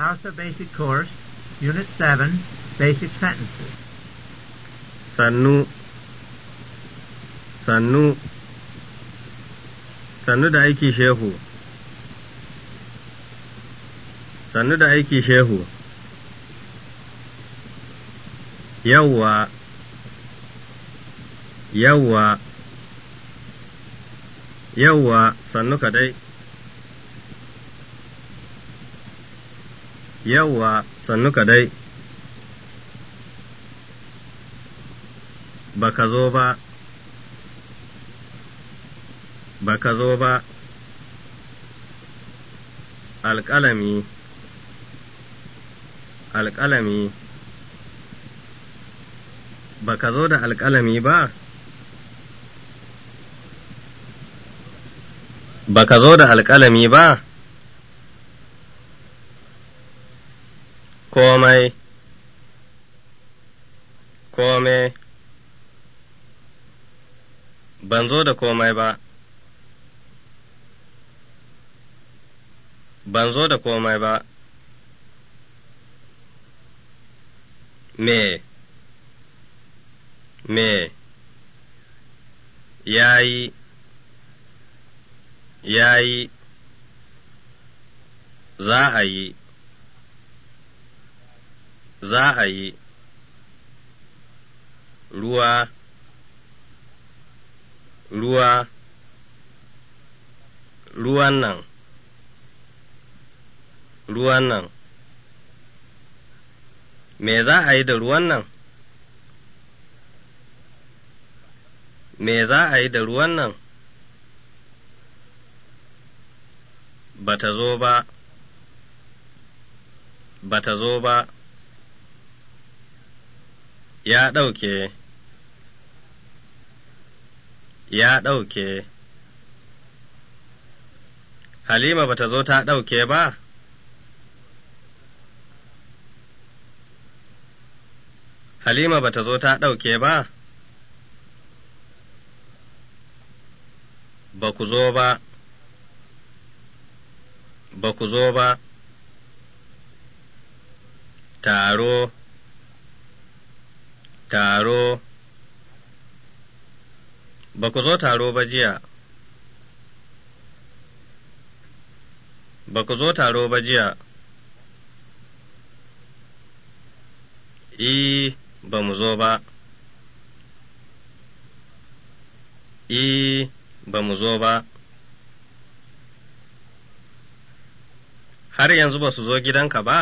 Hausa Basic Course, Unit 7, Basic Sentences. Sannu, sannu, sannu da aiki shehu, sannu da aiki shehu, yawwa, yawwa, yawwa, sannu kadai. yawwa sannu ka dai baka zo ba baka zo ba alƙalami alƙalami baka zo da alƙalami ba baka zo da alƙalami ba komai komai ban zo da komai ba ban zo da komai ba me me yayi yayi za a yi za a yi ruwa ruwa ruwan nan ruwan nan me za a yi da ruwan nan me za a yi da ruwan nan ba ta zo ba ba ta zo ba ya ɗauke, ya ɗauke. Halima bata zo ta ɗauke ba? Halima bata zo ta ɗauke ba? Ba ku zo ba, ba ku zo ba, taro. taro ba ku zo taro ba jiya ba ku zo taro ba jiya Ee, ba mu zo ba Ee, ba mu zo ba har yanzu ba su zo gidanka ba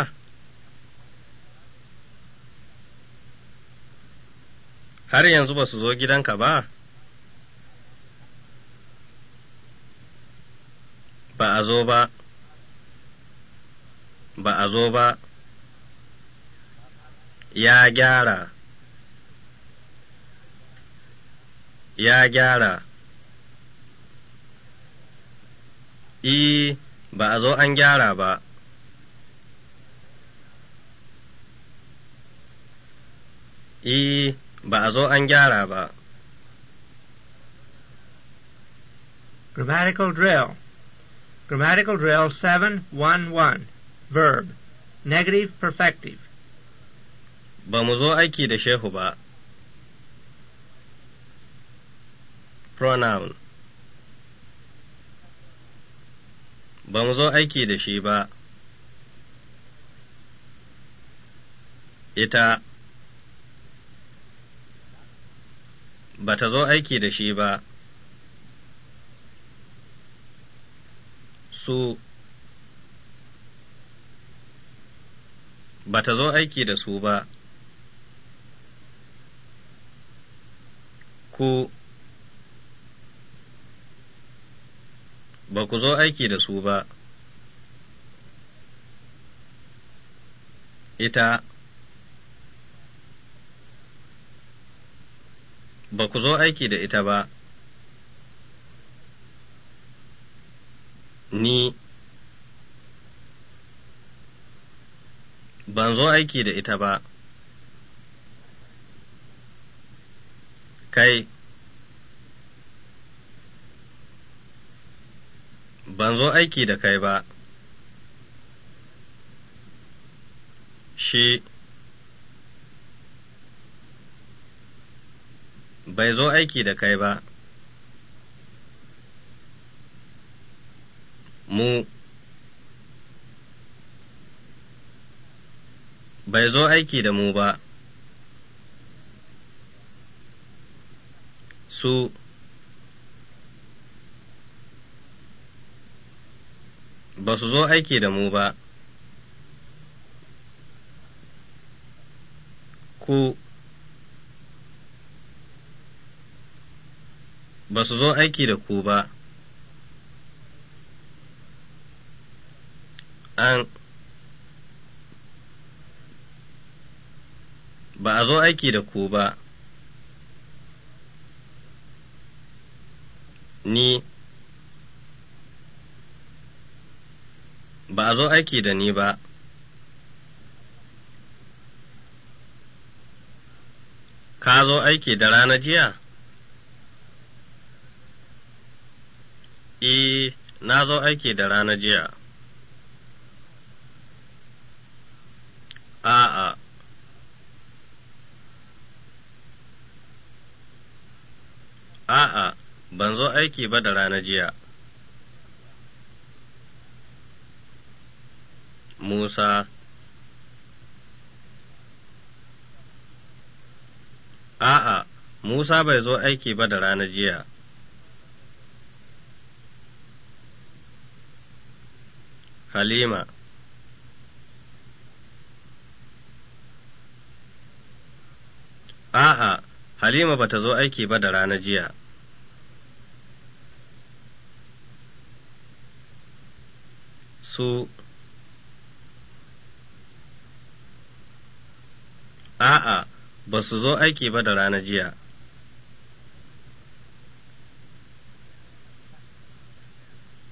har yanzu ba su zo gidanka ba? Ba a zo ba, ba a zo ba, ya gyara, ya gyara, I, ba a zo an gyara ba. E, ba a zo an gyara ba. Grammatical drill. Grammatical drill 7-1-1, Verb. Negative perfective. Ba mu zo aiki da shehu ba. Pronoun. Ba mu zo aiki da shi ba. Ita. ba ta zo aiki da shi ba su ba ta zo aiki da su ba ku ba ku zo aiki da su ba ita ba ku zo aiki da ita ba, ni ban zo aiki da ita ba, kai, ban zo aiki da kai ba, shi bai zo aiki da kai ba. Mu bai zo aiki da mu ba. Su ba su zo aiki da mu ba. Ku ba su zo aiki da ku ba, an ba a zo aiki da ku ba, ni ba a zo aiki da ni ba. Ka zo aiki da rana jiya? na zo aiki da rana jiya. A'a. A'a, ban zo aiki ba da rana jiya. Musa A'a, Musa bai zo aiki ba da rana jiya. Halima A'a, Halima ba ta zo aiki ba da rana jiya. Su A'a, ba su zo aiki ba da rana jiya.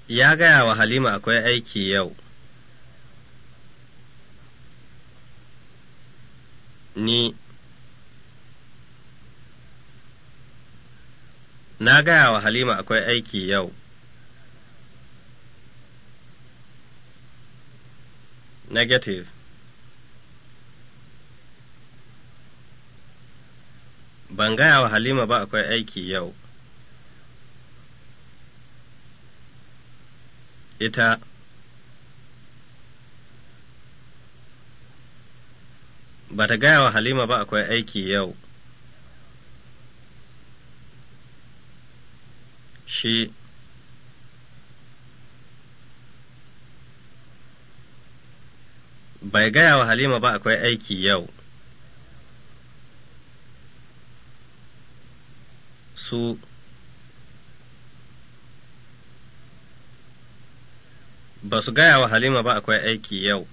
ya gaya wa Halima akwai aiki yau. Ni Na gaya wa Halima akwai aiki yau. Negative Ban gaya wa Halima ba akwai aiki yau. ita ba ta gaya wa Halima ba akwai aiki yau, shi bai gaya wa Halima ba akwai aiki yau, su ba su gaya wa Halima ba akwai aiki yau.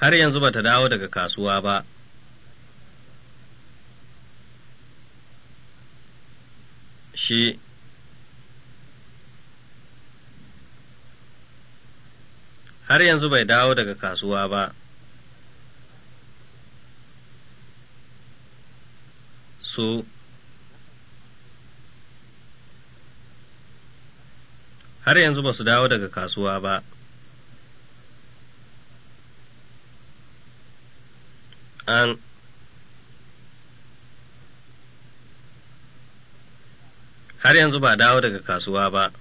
Har yanzu ba ta dawo daga kasuwa ba. Shi Har yanzu bai dawo daga kasuwa ba. Su so, har yanzu ba su dawo daga kasuwa ba. An har yanzu ba dawo daga kasuwa ba.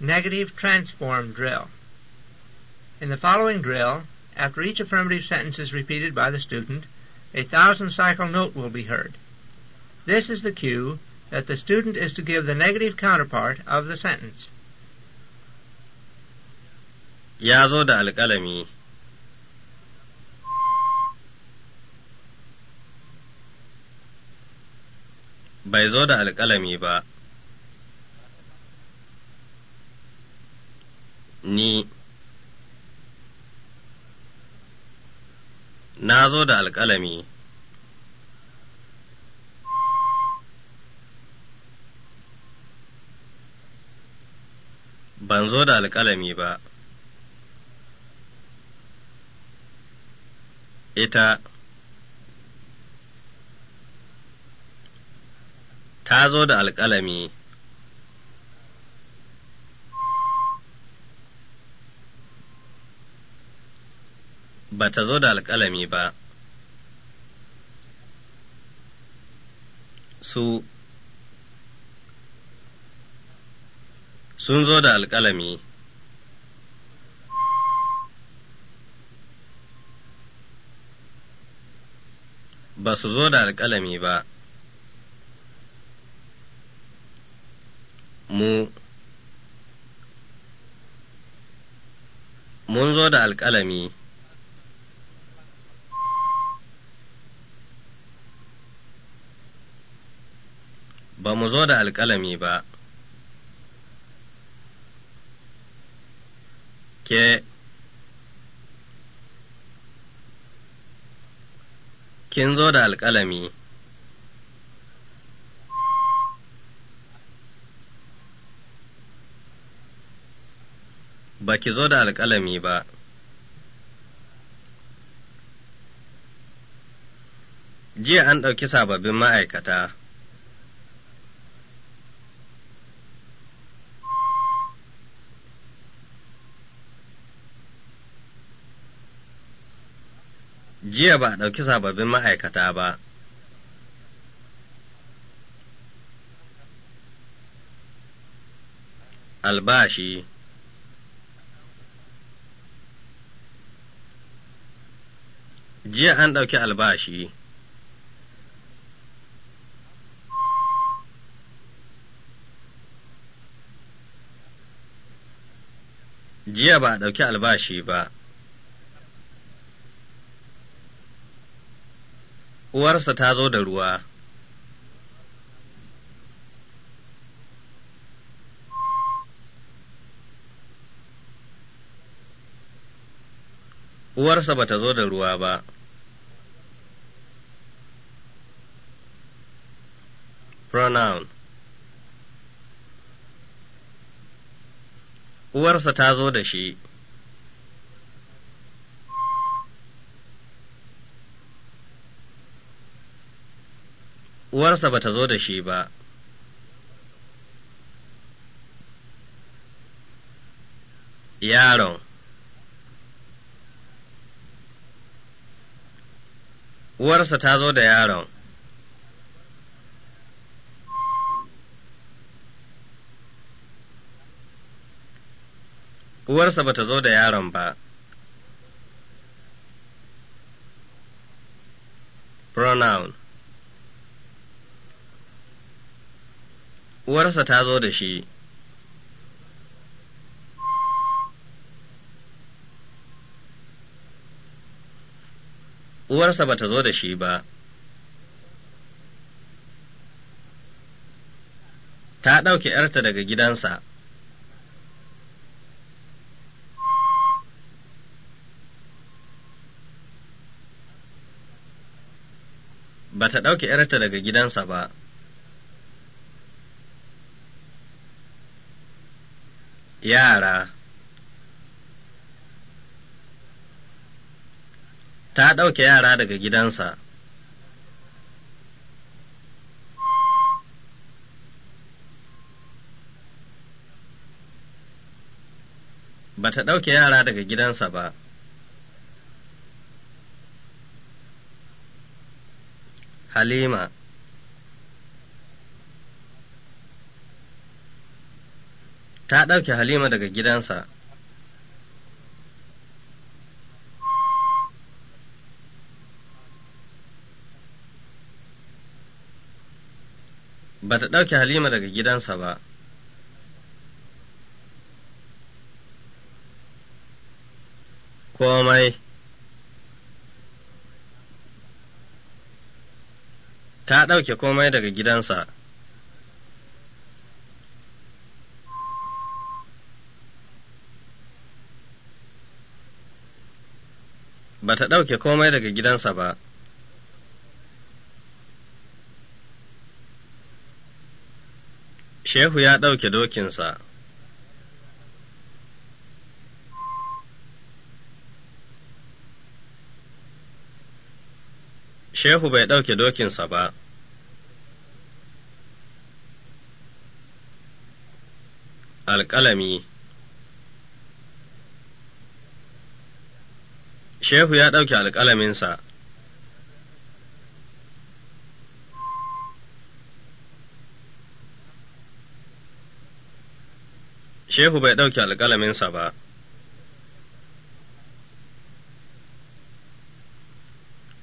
Negative transform drill. In the following drill, after each affirmative sentence is repeated by the student, a thousand cycle note will be heard. This is the cue that the student is to give the negative counterpart of the sentence. Ya zo da alƙalami. Bai zo da alƙalami ba. Ni. Na zo da alƙalami. ban zo da alƙalami ba, ita ta zo da alƙalami, ba ta zo da alƙalami ba, su sun zo da alƙalami. Ba su zo da alƙalami ba, mu, mun zo da alƙalami. Ba mu zo da alƙalami ba. que kin zo da alƙalami ba ki zo da alƙalami ba jiya an ɗauki sababbin ma'aikata jiya ba ɗauki sababbin ma'aikata ba. Albashi Jiya an ɗauki albashi. Jiya ba a ɗauki albashi ba. uwarsa ta zo da ruwa. Uwarsa ba ta zo da ruwa ba. Pronoun Uwarsa ta zo da shi. uwarsa ba ta zo da shi ba. Yaron Uwarsa ta zo da yaron. Uwarsa ba ta zo da yaron ba. Pronoun uwarsa ta zo da shi uwarsa ba ta zo da shi ba ta ɗauke ‘yarta daga gidansa ba ta ɗauke ‘yarta daga gidansa ba yara ta ɗauke yara daga gidansa ba ta ɗauke yara daga gidansa ba Halima ta ɗauke Halima daga gidansa. Ba ta ɗauke Halima daga gidansa ba. Komai ta ɗauke komai daga gidansa. ba ta ɗauke komai daga gidansa ba. Shehu ya ɗauke dokinsa. Shehu bai ɗauke dokinsa ba. Alƙalami Shehu ya ɗauke alƙalaminsa. Shehu bai ɗauke alƙalaminsa ba.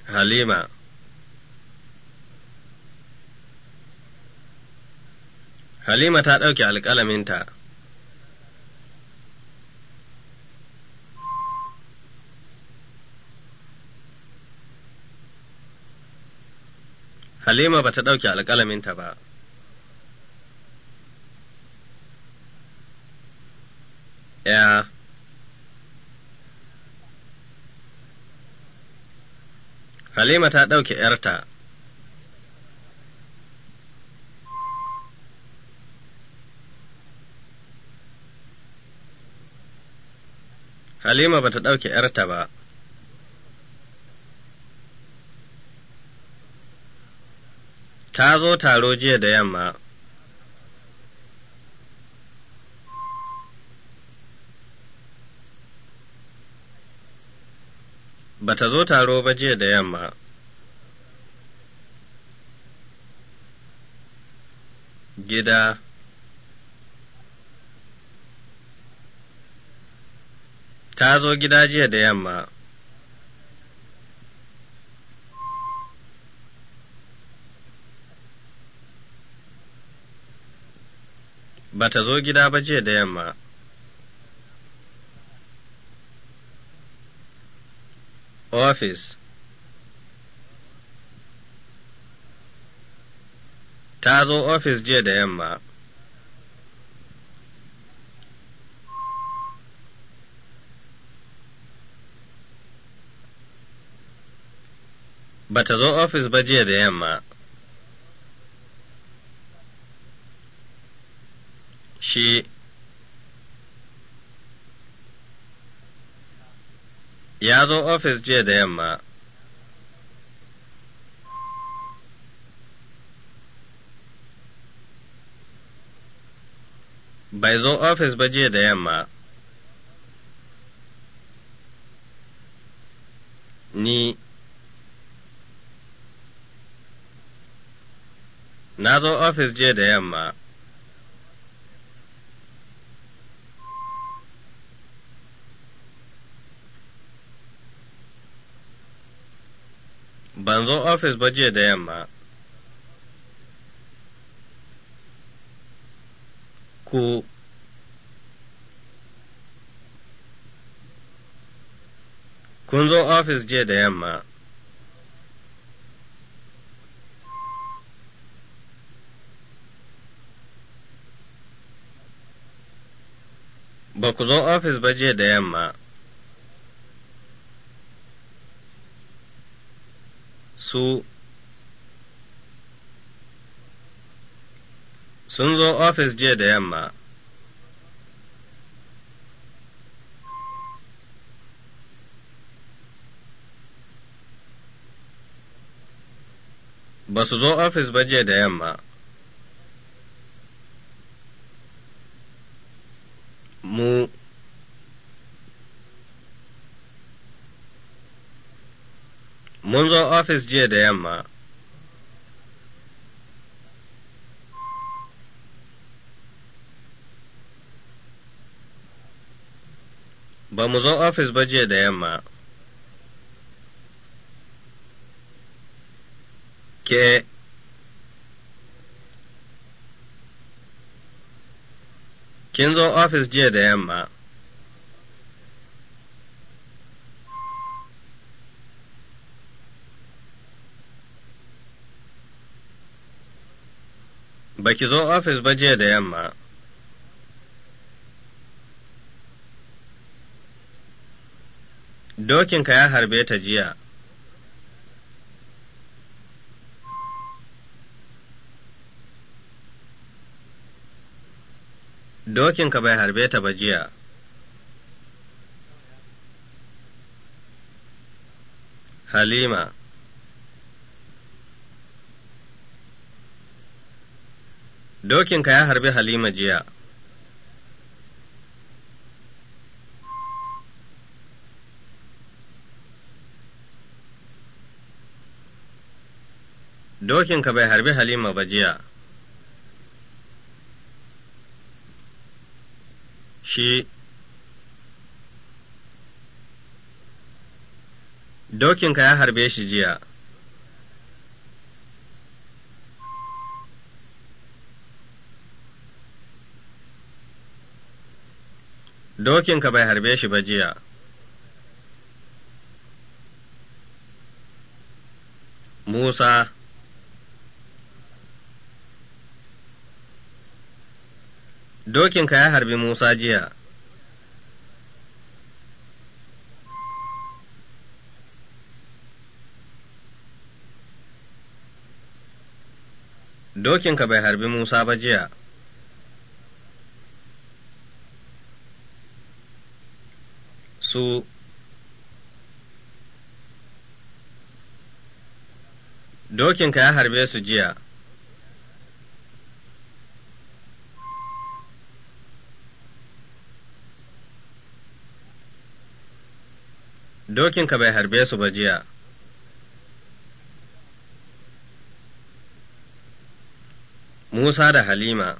Halima Halima ta ɗauke alƙalaminta. Halima ba ta ɗauke alƙalaminta ba. ‘Ya Halima ta ɗauke ‘yarta. Halima ba ta ɗauke ‘yarta ba. ta zo taro jiya da yamma. Ba ta zo taro ba jiya da yamma. Gida Ta zo gida jiya da yamma. ba ta zo gida ba jiya da yamma. Ofis Ta zo ofis jiya da yamma. Ba ta zo ofis ba jiya da yamma. shi ya zo ofis jiya da yamma bai zo ofis ba jiya da yamma ni na zo ofis jiya da yamma Ban zo ofis ba jiya da yamma. Ku Kun zo ofis jiya da yamma. Ba ku zo ofis ba jiya da yamma. su sun zo ofis jiya da yamma ba su zo ofis ba jiya da yamma mu Mun zo ofis jiya da yamma. Ba mu zo ofis ba jiya da yamma. Ke Kin zo ofis jiya da yamma. Baki zo ofis ba jiya da yamma. Dokinka ya harbe ta jiya. Dokinka bai harbe ta ba jiya. Halima Dokinka ya harbi Halima jiya. Dokinka bai harbi Halima ba jiya. Shi Dokinka ya harbe shi jiya. dokinka bai harbe shi ba jiya. Musa Dokinka ya harbi Musa jiya. Dokinka bai harbi Musa ba jiya. su dokinka ya harbe su jiya dokinka bai harbe su ba jiya Musa da Halima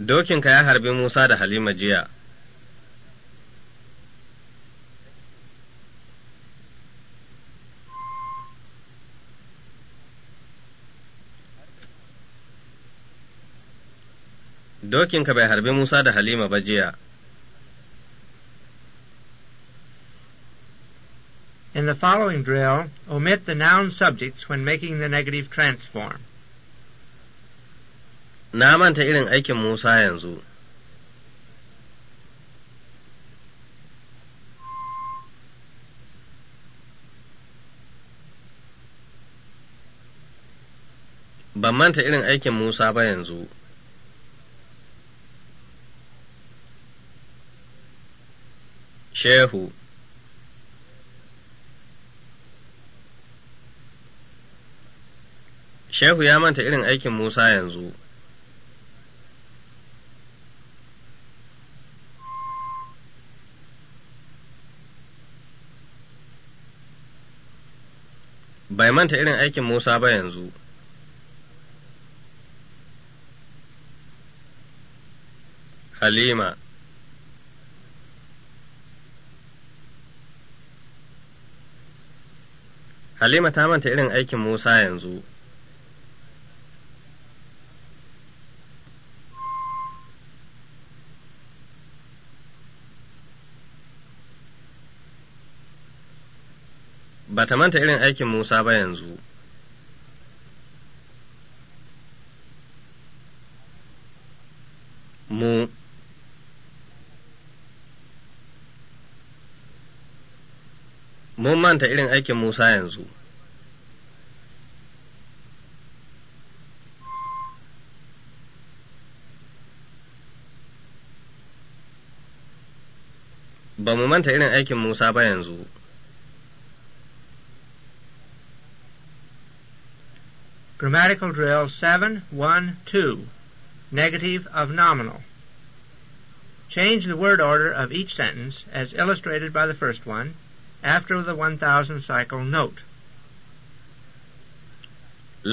dokinka ya harbi Musa da Halima jiya. Dokinka bai harbi Musa da Halima ba jiya. In the following drill, omit the noun subjects when making the negative transform. na manta irin aikin Musa yanzu. Ban manta irin aikin Musa ba yanzu. Shehu Shehu ya manta irin aikin Musa yanzu. bai manta irin aikin Musa ba yanzu. Halima Halima ta manta irin aikin Musa yanzu. ba ta manta irin aikin Musa ba yanzu. Mu Mun manta irin aikin Musa yanzu. Ba mu manta irin aikin Musa ba yanzu. Grammatical drill 712. Negative of nominal. Change the word order of each sentence, as illustrated by the first one, after the 1000 cycle note.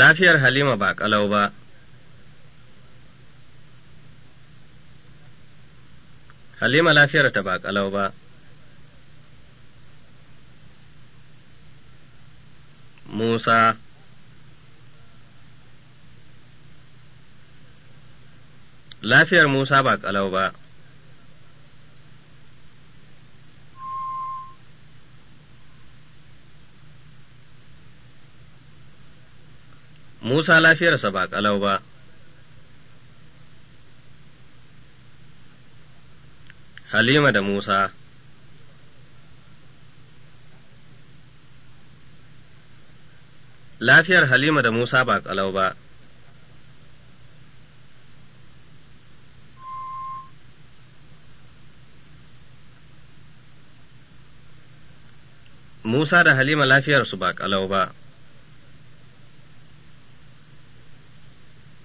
Lafiyar Halima ba kalau Halima lafiyar ta ba Musa lafiyar Musa ba ƙalau ba. Musa lafiyarsa ba ƙalau ba. Halima da Musa Lafiyar Halima da Musa ba ƙalau ba. Musa da Halima lafiyarsu ba ƙalau ba.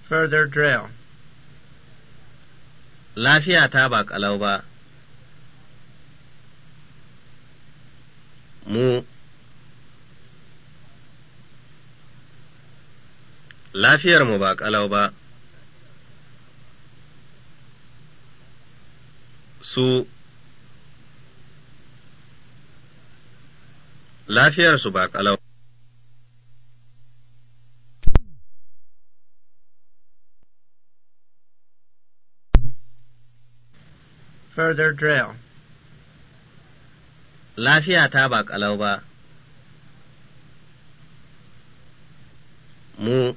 Further drill Lafiya ta ba ƙalau ba. Mu Lafiyarmu ba ƙalau ba. Su lafiyarsu ba kalau. Further drill. Lafiya ta ba kalau ba. Mu.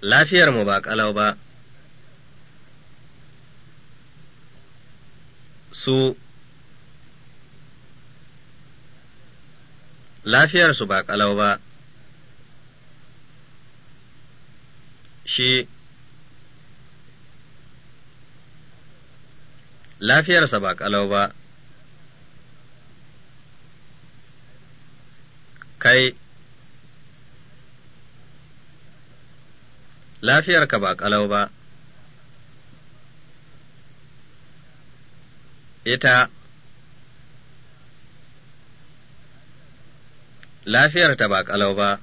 Lafiyarmu ba kalau ba. Su. lafiyarsu ba ƙalau ba, shi lafiyarsa ba ƙalau ba, kai lafiyarka ba ƙalau ba, ita lafiyar ta ba kalau ba.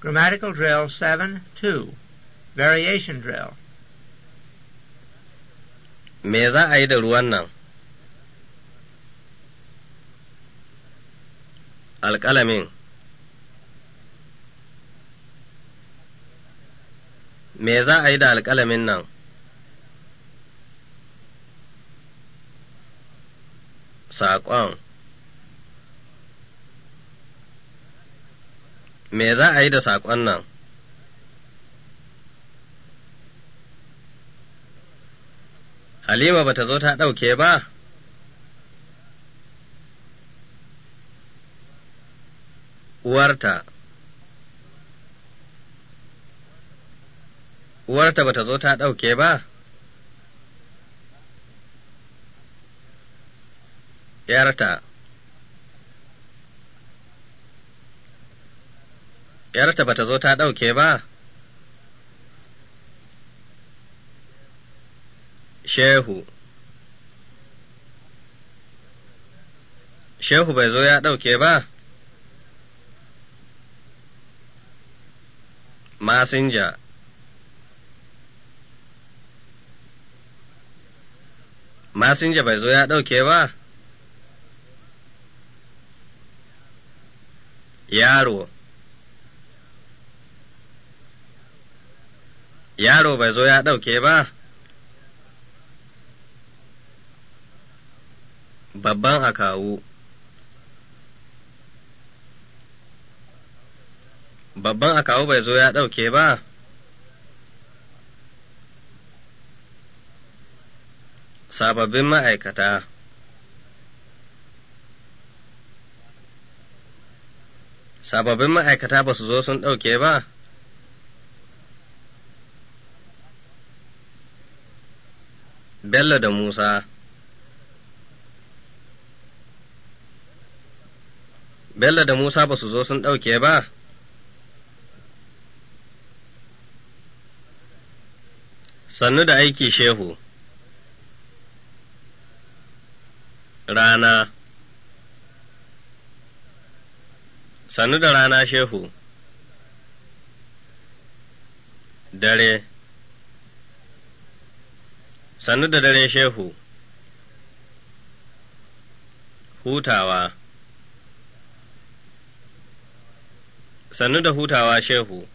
Grammatical drill 7-2 Variation drill Me za a yi da ruwan nan? Alƙalamin Me za a yi da alƙalamin nan? saƙon me za a yi da saƙon nan halima ba ta zo ta ɗauke ba uwarta uwarta ba ta zo ta ɗauke ba ‘yarta, ‘yarta ba ta zo ta ɗauke ba? Shehu Shehu bai zo ya ɗauke ba? Masinja Masinja bai zo ya ɗauke ba? yaro yaro bai zo ya ɗauke ba babban akawu babban akawu bai zo ya ɗauke ba sababbin ma'aikata sababbin ma'aikata ba su zo sun ɗauke ba? Bello da Musa Bello da Musa ba su zo sun ɗauke ba? Sannu da aiki shehu Rana sannu da rana shehu dare sannu da dare shehu hutawa sannu da hutawa shehu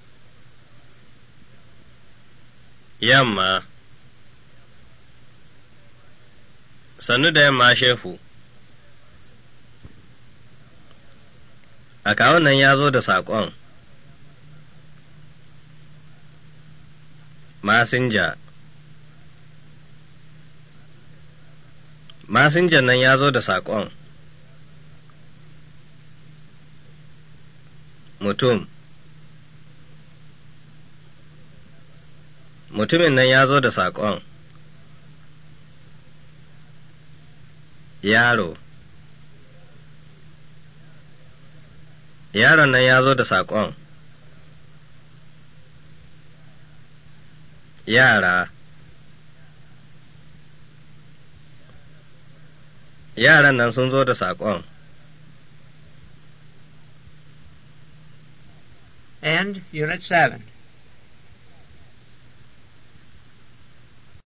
yamma sannu da yamma shehu a kawon nan ya zo da saƙon masinja masinjan nan ya zo da saƙon mutum mutumin nan ya zo da saƙon yaro yaron nan ya zo da saƙon. Yara Yaran nan sun zo da saƙon. And Unit 7.